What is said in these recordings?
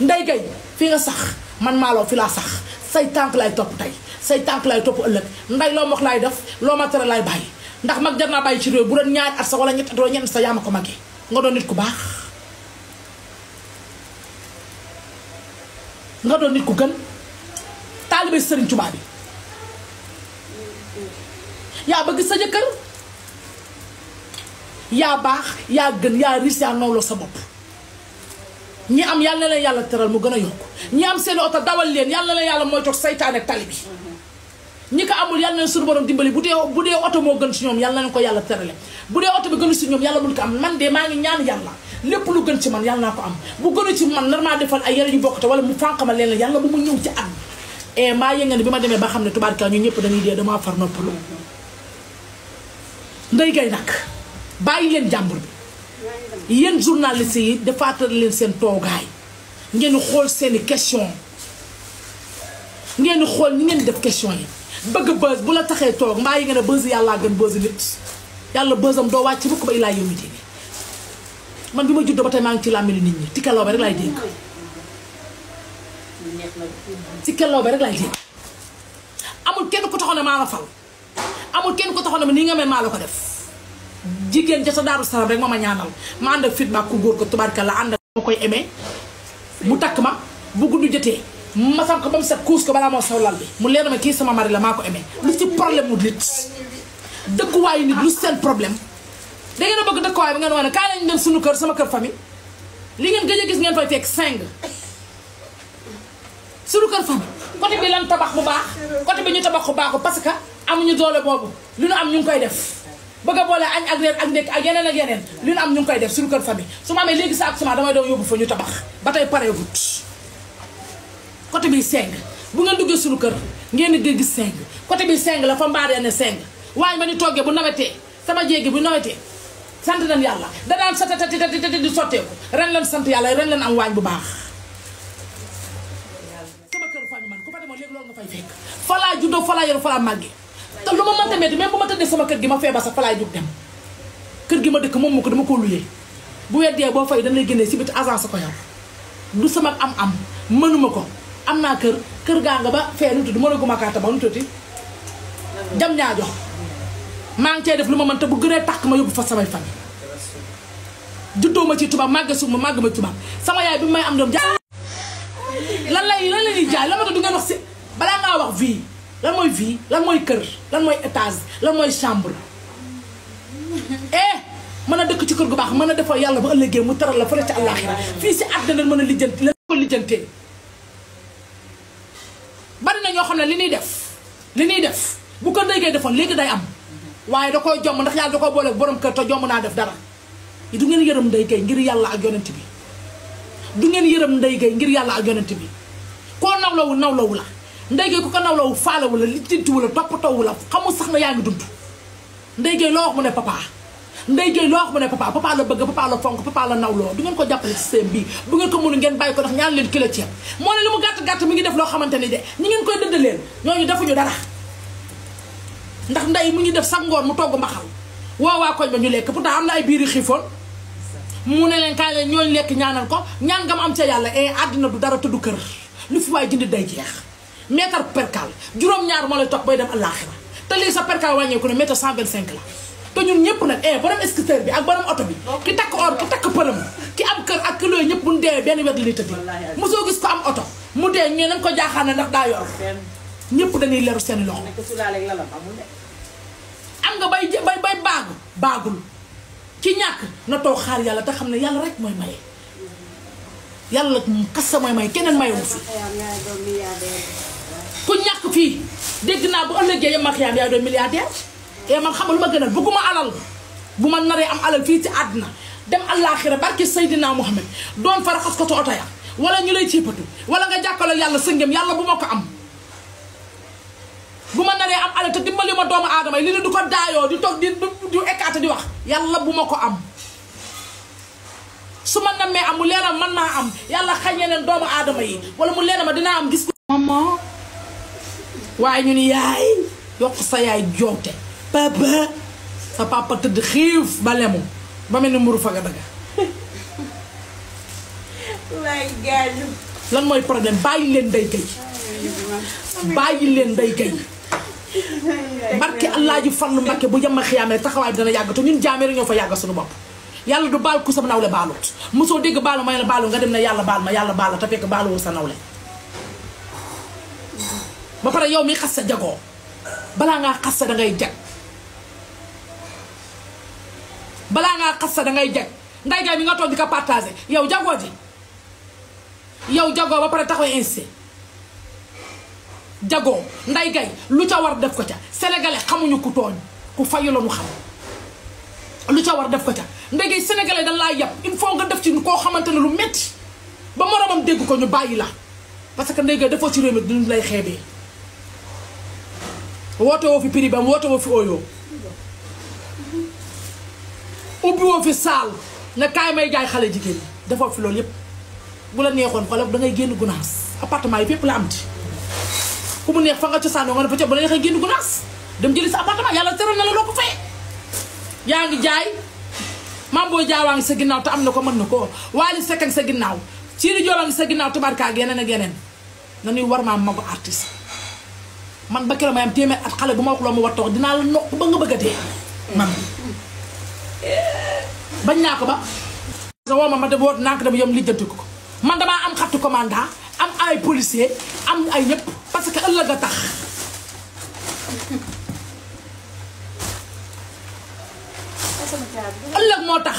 ndey nday gay fi nga sax man maaloo fi laa sax say tànk lay topp tey say tànk lay topp ëllëg nday loo wax laay def loo ma tere laay bàyyi ndax mag jar naa bàyyi ci réew bu doon ñaar at sa wala ñetti at wala ñeent sa yaa ma ko màggee nga doon nit ku baax nga doon nit ku gën taalibe sëriñ Tuubaa bi yaa bëgg sa jëkkër yaa baax yaa gën yaa riis yaa nawloo sa bopp ñi am yàlla na leen yàlla teral mu gën a yokk ñi am seen oto dawal leen yàlla na leen yàlla mooy toog seytaane tali bi ñi ko amul yàlla na leen suñu borom dimbali bu dee bu dee oto moo gën ci ñoom yàlla na leen ko bu dee oto bi gënu si ñoom yàlla buñ ko am man de maa ngi ñaan yàlla lépp lu gën ci man yàlla naa ko am bu gënu ci man nar maa defal ay yére ñu bokkute wala mu fànqama leen yàlla bu mu ñëw ci at e eh, maa yënga bi ma demee ba xam ne tubaarka ñu ñëpp dañuy dee damaa far noppalu ndey gay nag bàyyi leen yéen journaliste yi defaatal leen seen toogaay ngeen xool seeni question ngeen xool ni ngeen def question yi bëgg bës bu la taxee toog mbaa yi ngeen a bës yàllaa gën bës nit yàlla bësam doo wàcc mukk ba illaa yawmi diin man bi ma juddoo ba tey maa ngi ci làmmiñu nit ñi ci keloo ba rek laay dégg ci keloo ba amul kenn ku taxoon ne maa la fal amul kenn ku taxoon ne nii nga mel maa la ko def jigéen ca sa daaru salam rek ma ma ñaanal ma ànd ak fit ba ku góor ko tubaarkalla ànd ak ma koy aimé mu takk ma bu gudd jotee ma sam ko ba mu set kuus ko balaa moo saw lal bi mu leen ma kii sama mari la maa ko aimé lu ci problème mu nit dëkkuwaayu nit lu seen problème da ngeen a bëgg dëkkuwaay bi ngeen wax ne kaay lañ dem suñu kër sama kër famille li ngeen gëj gis ngeen fay fekk cinq suñu kër famille côté bi lan tabax bu baax côté bi ñu tabax bu baax parce que amuñu doole boobu lu ñu am ñu ngi koy def bëgg a boole añ ak reer ak ndékk ak yeneen ak yeneen li ñu am ñu ngi koy def suñu kër famille su ma amee léegi sa ak suma damay doon yóbbu fa ñu tabax ba tey pareegut côté bi seng bu ngeen duggee suñu kër ngeen di gis seng côté bi seng la fa mbaaree ne seng waaye ma ni toggee bu nawetee sama jéegi bu nawetee sant nañ yàlla danaan sa tati di sotteeku ren leen sant yàlla ren leen am waañ bu baax sama kër famille man ku fa demoon léegi loolu nga fay fekk laa juddoo fa laa yor fa laa màggee te lu ma mënta metti même bu ma tëddee sama kër gi ma feebar sax fa laay jóg dem kër gi ma dëkk moom mu ko dama koo luyee bu weddee boo fay dañ lay génnee si biti agence ko yow du sama am-am mënuma ko am naa kër kër gaa nga ba fee nutu du mën a gumakaa taba nutati jam ñaa maa ngi cay def lu ma mën te bu gënee tàkk ma yóbbu fa samay famille juddoo ma ci tubaab màgg suuf ma màgg ma tubaab sama yaay bi may am doom jaay lan lay lan la ñuy jaay la ma ko du ngeen wax si balaa ngaa wax vie lan mooy vie lan mooy kër lan mooy étage lan mooy chambre eh mën a dëkk ci kër gu baax mën a defal yàlla ba ëllëgee mu teral la fële ci àllaaxira fii si àddina mën a lijjanti la ko lijjantee bari na ñoo xam ne li ñuy def li ñuy def bu ko déggee defoon léegi day am waaye da koy jomm ndax yàlla da koy boole borom kër te jomm naa def dara du ngeen yërëm ndey ngir yàlla ak yonent bi du ngeen yërëm ndey ngir yàlla ak yonent bi koo nawlawu nawlawu la Ndeye Gueye ku ko nawloo faale wala lijjanti wala toppatoo wala xamul sax na yaa ngi dund Ndeye Gueye mu ne papa Ndeye Gueye loo mu ne papa papa la bëgg papa la fonk papa la nawloo du ngeen ko jàppale ci seen bii bu ngeen ko mënu ngeen bàyyi ko ndax ñaan kilo ceeb moo ne li mu gàtt gàtt mi ngi def loo xamante ni de ñi ngeen koy dëndaleen ñooñu defuñu dara ndax mu ngi def sax ngoon mu togg woo waa koñ ba ñu lekk taa am na ay biir yu xiifoon mu ne leen kaay leen ñooñu lekk ñaanal ko ñaan nga am ca yàlla e àddina du dara tudd kër lu fi waay jënd day jeex mètre percal juróom-ñaar moo lay topp bay dem àllaaxira te léegi sa percal wàññeeku ne mètre cent vingt cinq la te ñun ñëpp nag eh borom scooter bi ak borom oto bi ki takk or ki takk përëm ki am kër ak kilo ñëpp bu ñu deewee benn wet li ñuy tëddee mosoo gis ko am oto mu dee ñee nañ ko jaaxaan ne ndax daa yor ñëpp dañuy leru seen loxo am nga bay bay bay baagu baagul ci ñàkk na toog xaar yàlla te xam ne yàlla rek mooy maye yàlla kasa mooy may keneen mayewul fi ku ñàkk fii dégg naa bu ëllëgee yow ma xiyaam yaay doon milliardaire te eh, man xamal lu ma gënal bëgguma alal bu ma naree am alal fii ci àddina dem àllaaxira barki Seydina Muhammad doon fa raxas ko to oto ya wala ñu lay ciipatu wala nga jàkkaarloo yàlla sëngem yàlla bu ma ko am bu ma naree am alal te dimbali ma doomu aadama yi li ne du ko daayoo di toog di di écarté di wax yàlla bu ma ko am su ma nammee am mu leeral man naa am yàlla xañee leen doomu aadama yi wala mu leeral dinaa am gis waaye ñu ni yaay yokk sa yaay joote papa sa papa tëdd xiif ba lemu ba mel ni mburu faga daga waay gaañu lan mooy problème bàyyi leen day kay bàyyi leen day kay barke Allaaji Fallu Mbakke bu jëmm xiyaamee taxawaay bi dana yàgg te ñun jaamee ñoo fa yàgg suñu bopp yàlla du baal ku sam nawle baalut mosoo dégg baalu may la baalu nga dem ne yàlla baal ma yàlla baal la te fekk baaluwul sa nawle ba pare yow mi xas sa jagoo balaa ngaa xas sa da ngay jag balaa ngaa xas sa dangay ngay jag nday gay mi nga toog di ko partagé yow jagoo ji yow jagoo ba pare taxaw insé jagoo nday gay lu ca war def ko ca sénégalais xamuñu ku tooñ ku fayu la ñu xam lu ca war def ko ca nday gay sénégalais dañ laa yab il faut nga def ci koo xamante ne lu métti ba moromam dégg ko ñu bàyyi la parce que nday gay defoo ci réew mi duñ lay xeebee woote woo fi pribam woote woo fi ooyoo ubbi woo fi saal ne kaay may jaay xale jigéen ñi defoo fi loolu yëpp bu la neexoon xoolal da ngay génn gunaas apartement yi fépp la am ci ku mu neex fa nga cosaanoo nga ne fa ca bu la neexee génn gunaas dem jëli sa yàlla teral na la loo ko fay yaa ngi jaay maam boo jaawaa ngi sa ginnaaw te am na ko mën na ko waali sekk sa ginnaaw siiri joolaa ngi sa ginnaaw tubaarkaa ak yeneen ak yeneen nañuy war maam magu artiste man ba keroog may téeméer at xale bu ma wax loo ma war dinaa la noq ba nga bëgg a man bañ naa ko ba sa woo ma ma dem woot naa ko dem yom lijjanti ko man damaa am xattu commandant am ay policier am ay ñëpp parce que ëllëg a tax ëllëg moo tax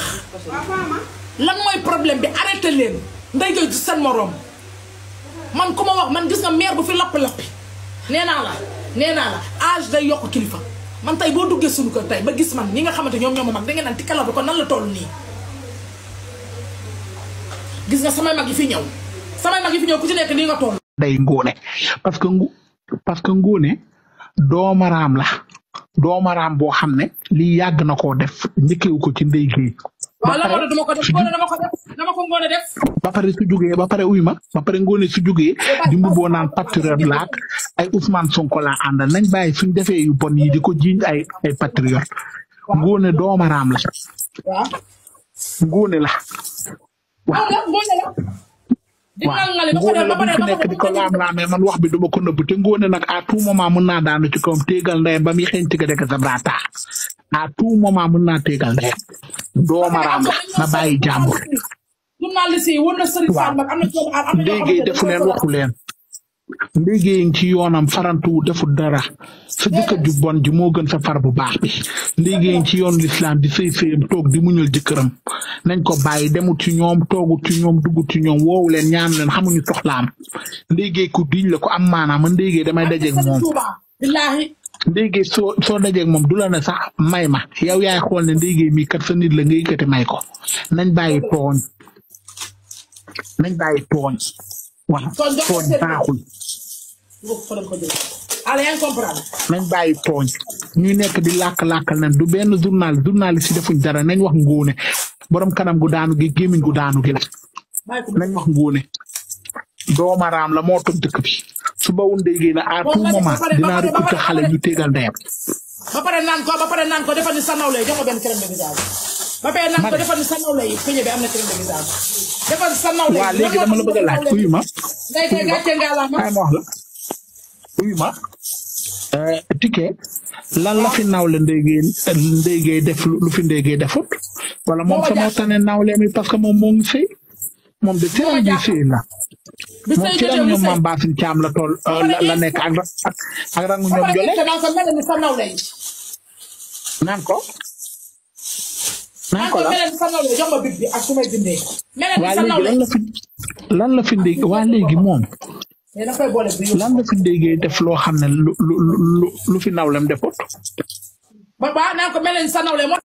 lan mooy problème bi arrêté leen nday joy seen moroom man ku ma wax man gis nga maire bu fi lapp-lappi nee naa la nee naa la âge day yokk kilifa man tey boo duggee suñu kër ba gis man ñi nga xamante ñoom ñoo ma mag da ngeen naan kon nan la toll nii. gis nga samay mag yi fi ñëw samay mag yi fi ñëw ku ci nekk nii nga toll. day ngóone parce que ngu parce que ngóone doomaraam la doomaraam boo xam ne lii yàgg na koo def njëkkewu ko ci ndey géej waaw Lamoro dama ko def Ngoné dama ba pare su jugee ba pare ma ba pare Ngoné su jugee di mbubboo naan patriote laak ay Ousmane Sonko laa àndal nañ bàyyi suñ defee yu bon yi di ko jiiñ ay ay patriote Ngoné la. waaw la. waaw la. waaw ngóone la bu fi nekk di man wax bi du ma ko nëbb te ngóone nag à tout moment mën naa daanu ci kawam téegal ndeyam ba muy xëy ci gëdëg sa braata à tout moment mën naa téegal ndeyam doomaraam la na bàyyi jàmbur. waaw déggee defu leen waxu ndéggee ngi ci yoonam farantuwu deful dara sa jëkkër ju bon ji moo gën sa far bu baax bi ndéggee ngi ci yoon lislaam di sëy sëyam toog di muñal jëkkëram nañ ko bàyyi demut ci ñoom toogut ci ñoom dugut ci ñoom woowu leen ñaan leen xamuñu soxlaam ndéggee ku diñ la ko am maanaam man ndéggee damay dajeeg moom ndéggee soo soo dajeeg moom du la ne sax may ma yow yaay xool ne ndéggee mi kat sa nit la nga yëkkati may ko nañ bàyyi tooñ nañ bàyyi tooñ waaw tooñ baaxul allez incomprendre. nañ bàyyi tooñ ñu nekk di làkk-làkkal na du benn journal journaliste yi defuñ dara nañ wax ngóone borom kanam gu daanu gi gémmiñ gu daanu gi la nañ wax ngóone doomaraam la moo toj dëkk bi su ba wun déggee à tout moment dinaa recruter xale ñu tégal ndeyam ba pare naan ko ba pare naan ko defal ni sa nawle jox ko benn crème de visage ba pare naan ko defal ni sa bi am na crème de visage defal sa léegi dama la bëgg a laaj ma ma uyu ma euh, ticket lan la fi nawle ndéygéey ndéygéey def lu fi ndéygéey defut wala moom sama tane nawle mi parce que moom moo ngi sëy moom de teel a ngi sëy moom ci la ñoom maam baasin caam la tool euh, la nekk ak ak ak ñoom jole naan ko naan léegi lan fi lan fi ndéy waa léegi moom lan la fi déggee def loo xam ne lu lu lu fi nawlem defoot. ba ba naa ko mel ni sa nawle moo